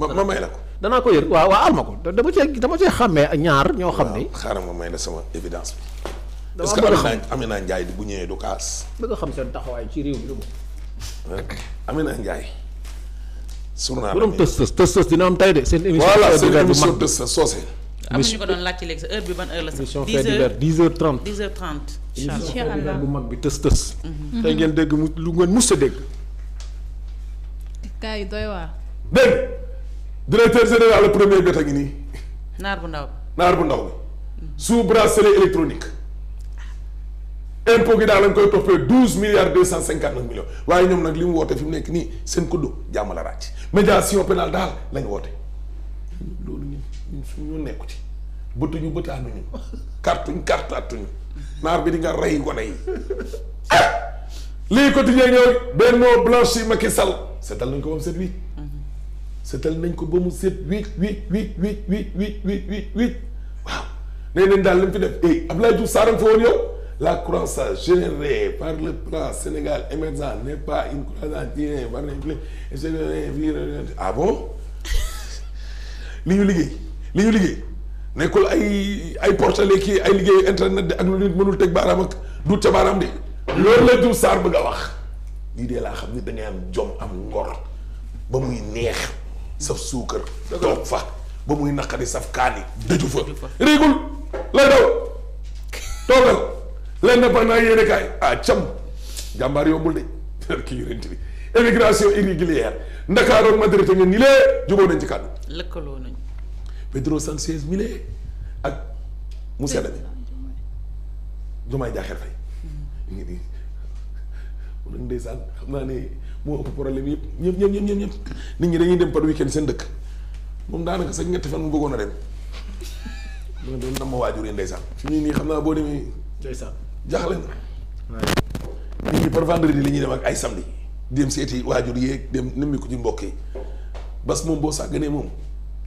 ma ma may la ko. danaa ko yër waaw waaw aar ma ko dama cee dama cee xàmmee ñaar ñoo xam ne ni. xaaral ma may la sama évidence bi. est-ce que Amina Amina Ndiaye bu ñëwee du kaas. bëgg xam seen taxawaay ci réew mi lu mu. Amina Ndiaye. surnaal la bu doon tës tës tës tës dina am tey de seen émission. la sax. émission fait divers 10h30 10 h mag bi tës tës. Mhm. tey ngeen dégg mu lu ngeen mus a dégg. yi doy waar. dégg. directeur général le premier bét a ngi nii. naar bu ndaw naar bu ndaw bi sous bracelet électronique impôt gi daal lañ koy toppee douze milliards deux cent cinquante neuf millions waaye ñoom nag li mu woote fi mu nekk nii seen kuddu jàmm la ràcc médiation pénale daal lañ woote loolu ñun ñun suñu nekku ci bëtuñu bëtaanuñu kartuñ kartaatuñu naar bi di nga rey gone yi eh! lii quotidien ñëw Benno Blanchi Macky Sall seetal nañ ko moom set wi seetal nañ ko ba mu set huit huit huit huit huit huit huit huit huit waaw nee nañ daal li mu fi def eh Abdoulaye Diouf Sarr fa woon yow la croissance générée par le plan Sénégal émergent n'est pas une croissance tirée par les flèches ah bon li ñu liggéey li ñu liggéey nekkul ay ay portale kii ay liggéeyu internet de ak lu nit mënul teg baaraam ak duut ca baaraam de loolu la Diouf Sarr bëgg a wax lii dee laa xam ni da am jom am ngor ba muy neex. saf suukar. toog fa ba muy naqari saf kaani. dëju fa riigul lay daw toogal l'indépendant yéene kaay ah cam jàmbaar yombul de kii rent bi émigration irrégulière Ndakaaru ak Madrid te ngeen nii lee jubóo nañ ci kàddu. lëkkaloo nañ. Pedro Sanchez mi lee ak Moussa Deme Jumaye Diakhar Faye. ngi nii ndeysaan xam naa ne. moo ëpp problème yëpp ñëpp ñëpp ñëpp nit ñi dañuy dem par week-end seen dëkk moom daanaka sax ñetti fan mu bëggoon a dem loolu doon nam ma waajur yi ndeysaan fi mu nii xam naa boo demee. ndeysaan jaaxle na. nit ñi par vendredi li ñuy dem ak ay samedi dem seeti waajur yeeg dem nimmi ko ci mbokk yi bas moom boo sàgganee moom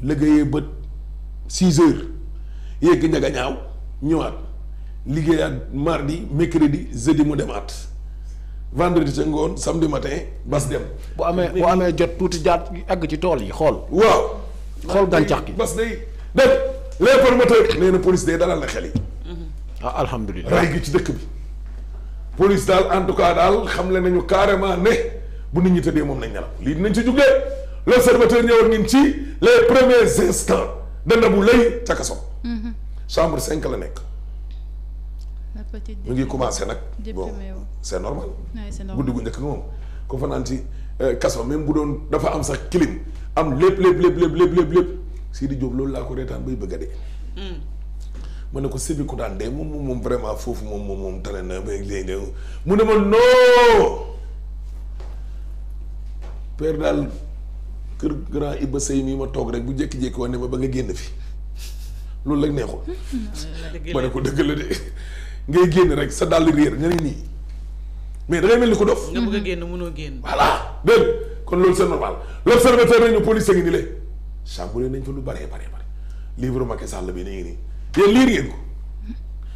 liggéeyee bët six heures yegg njaga ñaaw ñëwaat liggéeyaat mardi mercredi jeudi mu demaat. vendredi sa ngoon samedi matin bas dem. bu amee bu amee jot tuuti jaat àgg ci tool yi xool. waaw xool gàncax gi bas day dégg les promoteurs nee na police day dalal na xel yi. ah alhamdulilah ray gi ci dëkk bi. police daal en tout cas daal xamle nañu carrément ne bu nit ñi tëddee moom nañ nelaw lii dinañ ci jugee l'observateur ñëwoon ngeen ci les premiers instants de Nabou Leye ca kaso. Mm-hmm. chambre cinq la nekk. petit mu ngi commencé nag. bon c'est normal. guddi gu njëkk moom. ku fanaan ci euh, kaso même bu doon dafa am sax clim am lépp lépp lépp lépp lépp lépp lépp di Diop loolu laa ko reetaan bay bëgg hmm. ma ne ko Sébi ku daan moom vraiment foofu moom moom moom tane na ba léegi de mu ne ma non. père daal kër grand Iba Sey mii ma toog rek bu jékki-jékki woon ba nga génn fi loolu rek neexul ma ne ko dëgg la de ngay génn rek sa dàll réer nga ne nii mais da mel ni ko dof. nga bëgg a génn mënoo génn. voilà dégg kon loolu c'est normal l'observateur nañu police a ngi ni le chamboulé nañ fa lu bëree bare bare livre Macky Sall bi nii nii yéen liir ngeen ko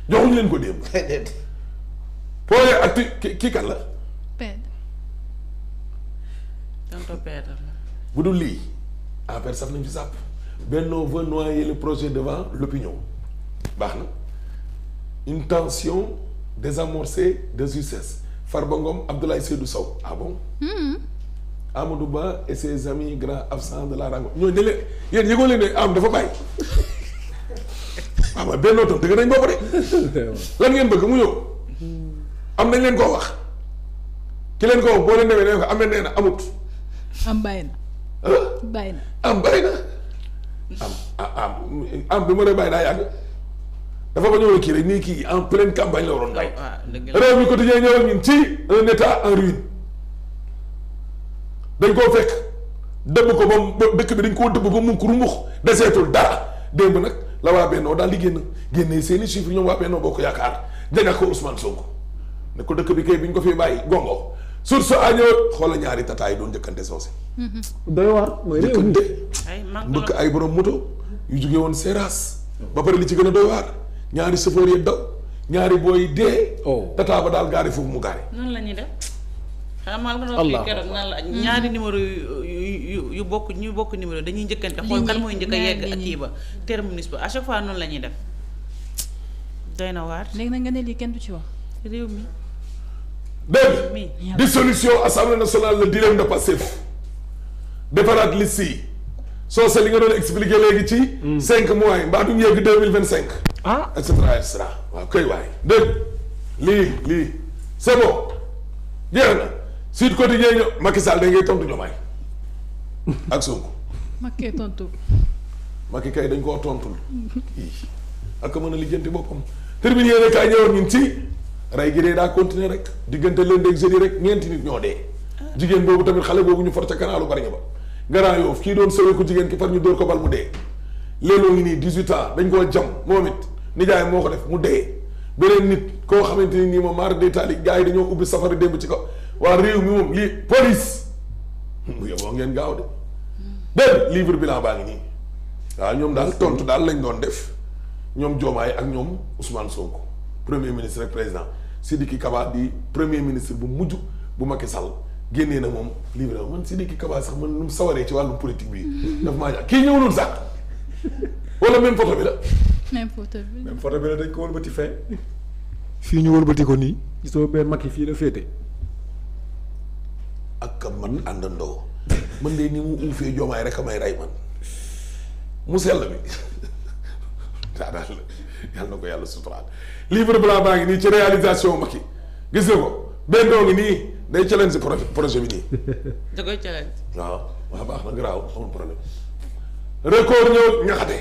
joxuñu leen ko démb. pooye ak ki la. Pedre. bu dul lii affaire saf nañ fi sàpp Benno veut noyer le projet devant l'opinion baax na. une tension désamorcée de justesse Farba Ngom Abdoulaye Seydou Sow ah bon. Hmm. Amadou Ba et ses amis grands absents de la rencontre ñooñu dañ leen yéen yëgoo leen am dafa bàyyi waaw ah, waaw benn oto dëgg nañ bopp de lan ngeen bëgg mu ñëw am nañ leen koo wax ki leen ko wax boo leen demee nee ko am nee na amut. am bàyyi na. am bàyyi na am ah, bi ma lay bàyyi daa yàgg. dafa ba kii rek nii kii en pleine campagne la waroon ah, daw. réew mi quotidien ñëw ñun ci un en ruine dañ koo fekk dëbb ko ba dëkk bi dañ koo dëbb ba mu ko rumbux deseetul dara démb nag la waa Bennoo daal di génn génnee seen i chiffres ñoom waa Bennoo boo ko yaakaar jaga ko Ousmane Sonko ne ko dëkk bi kay bi ñu ko fi bàyyi gongo sur ce à ñëw xoola ñaari tataay doon njëkkante soose. Mm-hmm. doy mooy réew mi njëkkante mbëkk ay borom moto yu jugee woon Seras. ba pare li ci gën a doy waar. ñaari chauffeur yi daw ñaari booy dee. oh tata ba daal gaari foofu mu gaari. noonu la ñuy def xamal ko doon keroog naan mm. ñaari numéro yu yu bokk ñu bokk numéro dañuy njëkkante xool kan mooy njëkk a yegg ak kii ba terminus ba à chaque fois noonu la ñuy def doy na waar. léegi nag nga ne lii kenn du ci wax réew mi. dégg dissolution assemblée nationale le dilemme de Pastef defaraat liste yi. soo sa li nga doon expliqué léegi ci. Hmm. cinq mois yi mbaa du ñu yegg deux mille vingt cinq. ah et cetera et cetera waaw kay waay dégg lii lii c' est jeex na Sud Quotidien ñëw Macky Sall da ngay tontu Diomaye ak Sonko. Macky kay dañ koo tontul. ak mën a lijjanti boppam. terminé yéen a kaay ñëwoon ñun ci rey gi dee daa continuer rek diggante leen dégg jeudi rek ñeenti nit ñoo dee. Ah. jigéen boobu tamit xale boobu ñu for ca kanaalu bari nga ba. Grand Yoff kii doon sëwee ku jigéen ki far ñu dóor ko bal mu dee léeloo ngi nii dix-huit ans dañ koo jam moom it nijaay moo ko def mu dee beneen nit koo xamante ni nii ma maar de taali gars yi dañoo ubbi safari démb ci kaw waa réew mi moom lii police mu hmm, ngeen gaaw de dégg livre bilan baa ngi nii waaw ñoom daal tontu daal lañ doon def ñoom joomaay ak ñoom Ousmane Sonko premier ministre ak président Sidiki Kaba di premier ministre bu mujj bu Macky Sall génnee na moom livré man Sidiki Kaba sax man nu mu sawaree ci wàllu politique bi daf maa jaaxal kii ñëwuloon sax wala même photo bi la. même photo bi la même photo bi la dañ fii ñu wëlbati nii. gisoo benn fii la féete. ak kam man àndandoo man de ni rek amay rey man na ko yàlla suturaal livre blanc baa ngi nii ci réalisation Macky gis nga ko benn ngi nii. day challenge si projet projet bi nii. da koy challenge. waaw waaw baax na garaaw amul problème record ñëw ñaxate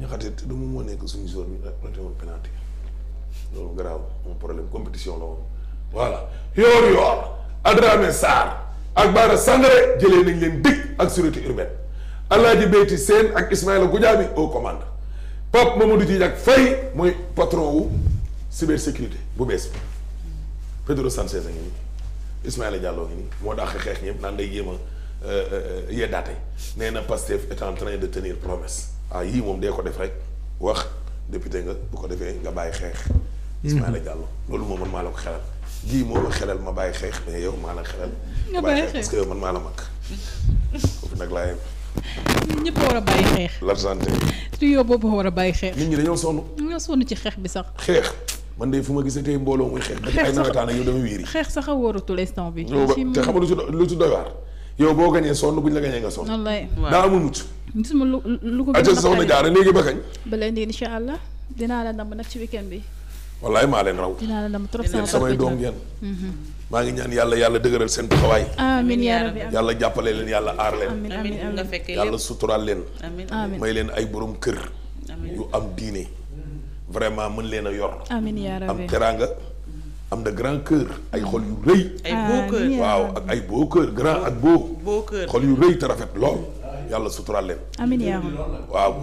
ñaxate du mu moo nekk suñu zone bi raté woon penalty loolu garaaw amul problème compétition la woon voilà yoor yoor Adrame Sarr ak Baara Sangaré jëlee nañ leen dikk ak sûreté urbaine Alaaji Beyti Sène ak Ismaïla Goudiaby aux commandes Pape Mamadou Diack Faye mooy patron wu cybersécurité bu bees Pedro Sanchez a ngi nii Ismaïla Diallo ngi nii moo dàq xeex ñëpp naan day jéem a euh, euh, yeddaate nee na Pastef est en train de tenir promesse ah moom dee ko def rek wax député nga bu ko defee nga bàyyi xeex. Mhm. Ismaïla Diallo loolu moom man maa la ko xelal lii moo ma ma bàyyi xeex mais yow maa la xelal. nga bàyyi xeex parce que yow la mag. foofu nag laay. war a bàyyi xeex. l'argentin. tuyoo boobu war a bàyyi xeex. nit ñi dañoo sonn. dañoo sonn ci xeex bi sax. xeex. man de fu ma a tey mbooloo muy xeex. xeex sax ay nawetaan ak yow dama wéeri. xeex sax a wóorutul instant bi. te xam lu ci lu ci doy waar yow boo gañee sonn buñ la gañee nga sonn. wallaay waaw daa amul mucc. gisuma lu lu ko gën a naqari soxna jaara léegi ba kañ. ba leen di allah dinaa la ndam nag ci weekend bi. wallaay maa leen raw. dinaa la trop sama samay doom ngeen. Mhm. maa ngi ñaan yàlla yàlla dëgëral seen taxawaay. amiin yàlla jàppale leen yàlla aar leen. yàlla suturaal leen. may leen vraiment mën leen a yor. amiin yaa rabbi am teraanga am na grand cœur ay xol yu rëy. waaw ak ay beau cœur grand ak boo beau cœur xol yu rëy te rafet lool yàlla suturaal leen. amiin yaa rabbi waaw.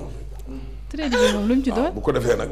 très bien moom lu mu ci bu ko defee nag.